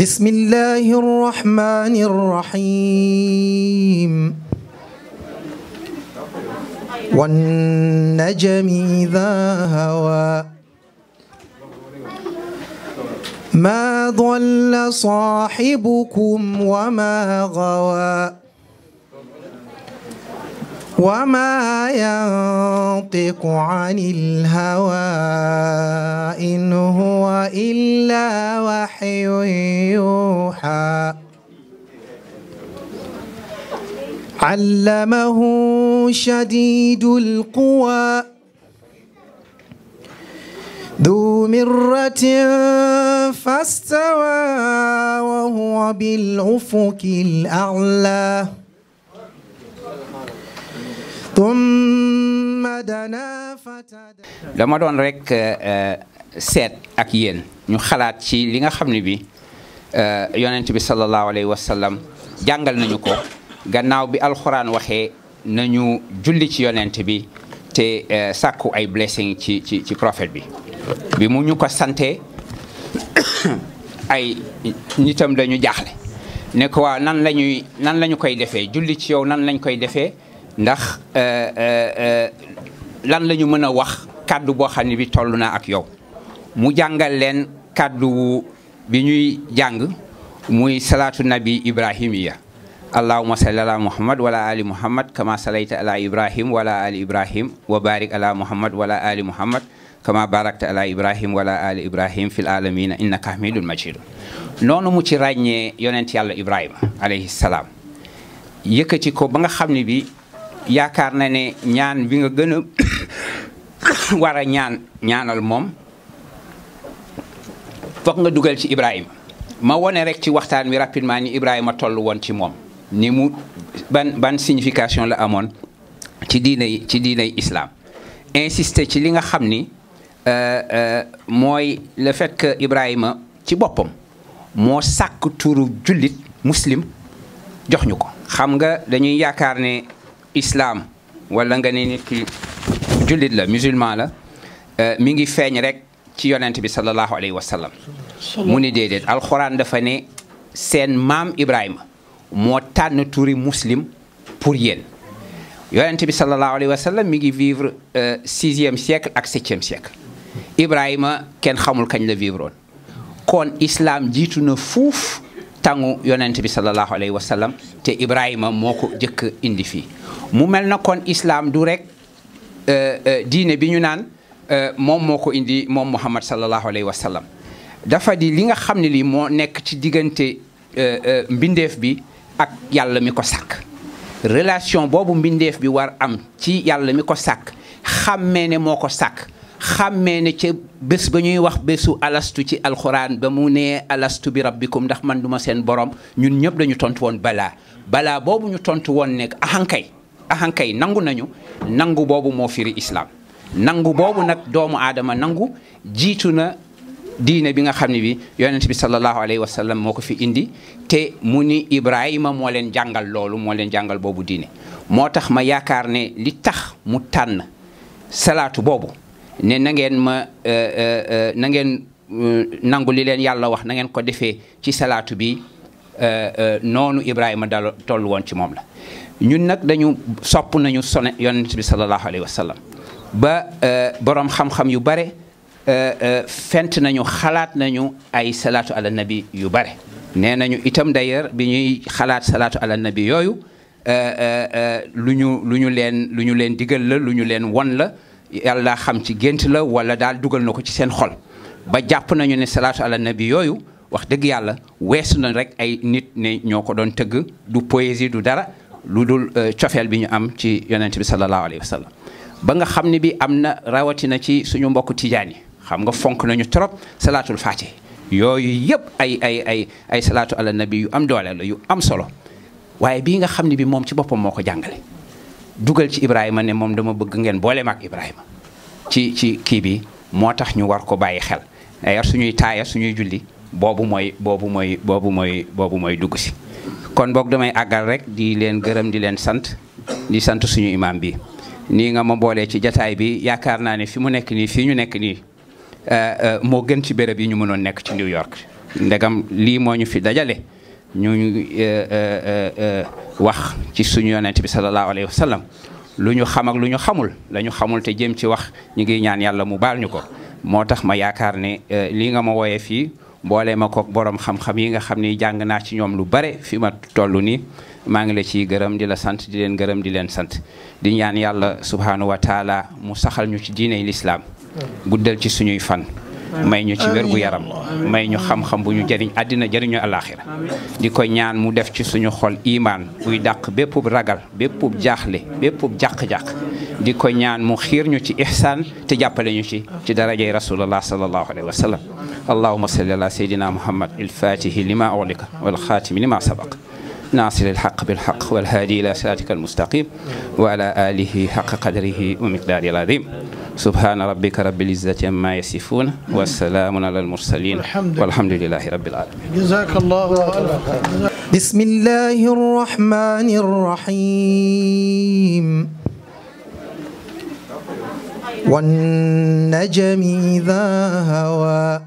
بسم الله الرحمن الرحيم والنجم إذا هوى ما ضل صاحبكم وما غوى وما ينطق عن الهوى علمه شديد القوى ذو مرة فاستوى وهو بالأفق الأعلى ثم دنا فتدلى dama doon rekk eh, eh, seet ak yéen ñu xalaat ci li nga xam ne bi eh, yonent bi sallallahu alayhi wa sallam jàngal nañu ko gannaaw bi alxuraan waxee nañu julli ci yonent bi te eh, sàkku ay blessing ci ci ci prophète bi bi mu ñu ko sante ay nitam dañu jaaxle ne ko waaw nan lañuy nan lañu koy defee julli ci yow nan lañu koy defee ndax eh, eh, lan lañu mën a wax kàddu boo xam ne bi toll na ak yow mu jàngal leen kàddu bi ñuy jàng muy salaatu nabi ibrahimiya allahuma salli ala muhammad wala ali muhammad kama salayta ala ibrahim wala ali ibrahim wa barik ala muhammad wala ali muhammad kama barakta ala ibrahim wala ali ibrahim fil alamina innaka hamidun majid noonu mu ci ràññee yonent yàlla ibrahima alayhi salaam yëkkati ko ba nga xam ni bi yaakaar na ne ñaan bi nga gën a ñaan ñaanal moom foog nga dugal ci ibrahima ma wone rek ci waxtaan wi rapidement ni ibrahima toll woon ci moom ni mu ban ban signification la amoon ci diinay ci diinay islam insister ci li nga xam ni euh, euh, mooy le fait que Ibrahima ci boppam moo sàkk tuuru jullit muslim jox ñu ko. xam nga dañuy yaakaar ne islaam wala nga ne nit ki jullit la musulman la euh, mu ngi feeñ rek ci yonent bi sallallahu alayhi wa mu ni déedéet alxuraan dafa ne seen maam Ibrahima. moo tànn turi muslim pour yéen yonent bi sallallahu alayhi wa sallam mi ngi vivre euh, sixième siècle ak septième siècle Ibrahima kenn xamul kañ la vivre woon kon islam jiitu na fuuf tàngu yonent bi sallallahu alayhi wa sallam te Ibrahima moo ko jëkk indi fii mu mel na kon islam du rekk euh, euh, diine bi ñu naan moom moo ko indi moom Muhammad sallallahu alayhi wa sallam dafa di li nga xam ne lii moo nekk ci diggante mbindeef bi. ak yàlla mi ko sàkk relation boobu mbindeef bi war am ci yàlla mi ko sàkk xàmmee ne moo ko sàkk xàmmee ne ca bés ba ñuy wax bésu alastu ci alxuraan ba mu nee alastu bi rabbikum ndax man duma seen borom ñun ñëpp dañu tontu woon balaa balaa boobu ñu tontu woon nekk ahankay ahankay nangu nañu nangu boobu moo firi islam nangu boobu nag doomu aadama nangu jiitu na diine bi nga xam ne bi yonent bi sallallahu alayhi wa sallam moo ko fi indi te mu ni Ibrahima moo leen jàngal loolu moo leen jàngal boobu diine moo tax ma yaakaar ne li tax mu tànn salaatu boobu ne na ngeen ma euh, euh, euh, na nangu li leen yàlla wax na ngeen ko defee ci salaatu bi noonu Ibrahima dal toll woon ci moom la ñun nag dañu sopp nañu sone yonent bi sallallahu alayhi wa ba borom xam-xam yu bare Euh, euh, fent nañu xalaat nañu ay salaatu ala nabi yu bare nee nañu itam d'ailleurs bi ñuy xalaat salaatu ala nabi yooyu euh, lu ñu lu ñu leen lu ñu leen digal la lu ñu leen won la yàlla xam ci gént la wala daal dugal na ko ci seen xol ba jàpp nañu ne salaatu ala nabi yooyu wax dëgg yàlla weesu na rek ay nit ne ñoo ko doon tëgg du poésie du dara lu dul cofeel bi ñu am ci yonent bi sallallahu alayhi wa ba nga xam ne bi am na rawatina ci suñu mbokk tijaan yi xam nga fonk nañu trop salaatul faati yooyu yëpp ay ay ay ay salaatu ala nabi yu am doole la yu am solo waaye bii nga xam ne bi moom ci boppam moo ko jàngale dugal ci Ibrahima ne moom dama bëgg ngeen boole ma ak Ibrahima ci ci kii bi moo tax ñu war ko bàyyi xel d'ailleurs suñuy taaya suñuy julli boobu mooy boobu mooy boobu mooy boobu mooy dugg si kon boog damay àggal rek di leen gërëm di leen sant di sant suñu imaam bi nii nga ma boolee ci jataay bi yaakaar naa ne fi mu nekk nii fii ñu nekk nii Eh, eh, moo gën ci béréb yi ñu mënoon nekk ci New York ndegam lii moo ñu fi dajale ñu eh, wax ci suñu yonent bi sallallahu alayhi wa sallam lu ñu xam lu ñu xamul la xamul te jëm ci wax ñu ngi ñaan yàlla mu baal ñu ko moo tax ma yaakaar ne lii nga ma wooyee fii mboolee ma kook borom xam-xam yi nga xam ni jàng naa ci ñoom lu bare fi ma toll nii maa ngi la ciy gërëm di la sant di leen gërëm di leen sant di ñaan yàlla subhaanahu wa mu saxal ñu ci diiney lislaam guddal ci suñuy fan may ñu ci wér yaram may ñu xam-xam bu ñu jariñ àddina jariñu alaaxira di ko ñaan mu def ci suñu xool iimaan buy dàq bépp ragal bépp jaaxle bépp jàq-jàq di ko ñaan mu xiir ñu ci ihsaan te jàppale ñu ci ci darajay rasulallah sallallahu alayhi wa sallam allahuma salli ala sayyidina muhammad alfatihi lima ughliqa wal xaatimi lima sabaq ناصر wa بالحق والهادي إلى صراطك المستقيم وعلى آله حق قدره ومقداره العظيم subhaana rabbika rabbil izzati amma yasifuun wa salaamun alal mursaliin walhamdulillaahi rabbil aalamiin jazaakallaahu khayran bismillaahi rahmaani rahiim wan najmi izaa hawaa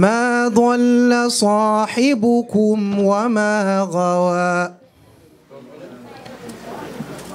maa dalla saahibukum wa maa gawaa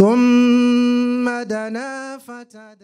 ثم دنا فتدلى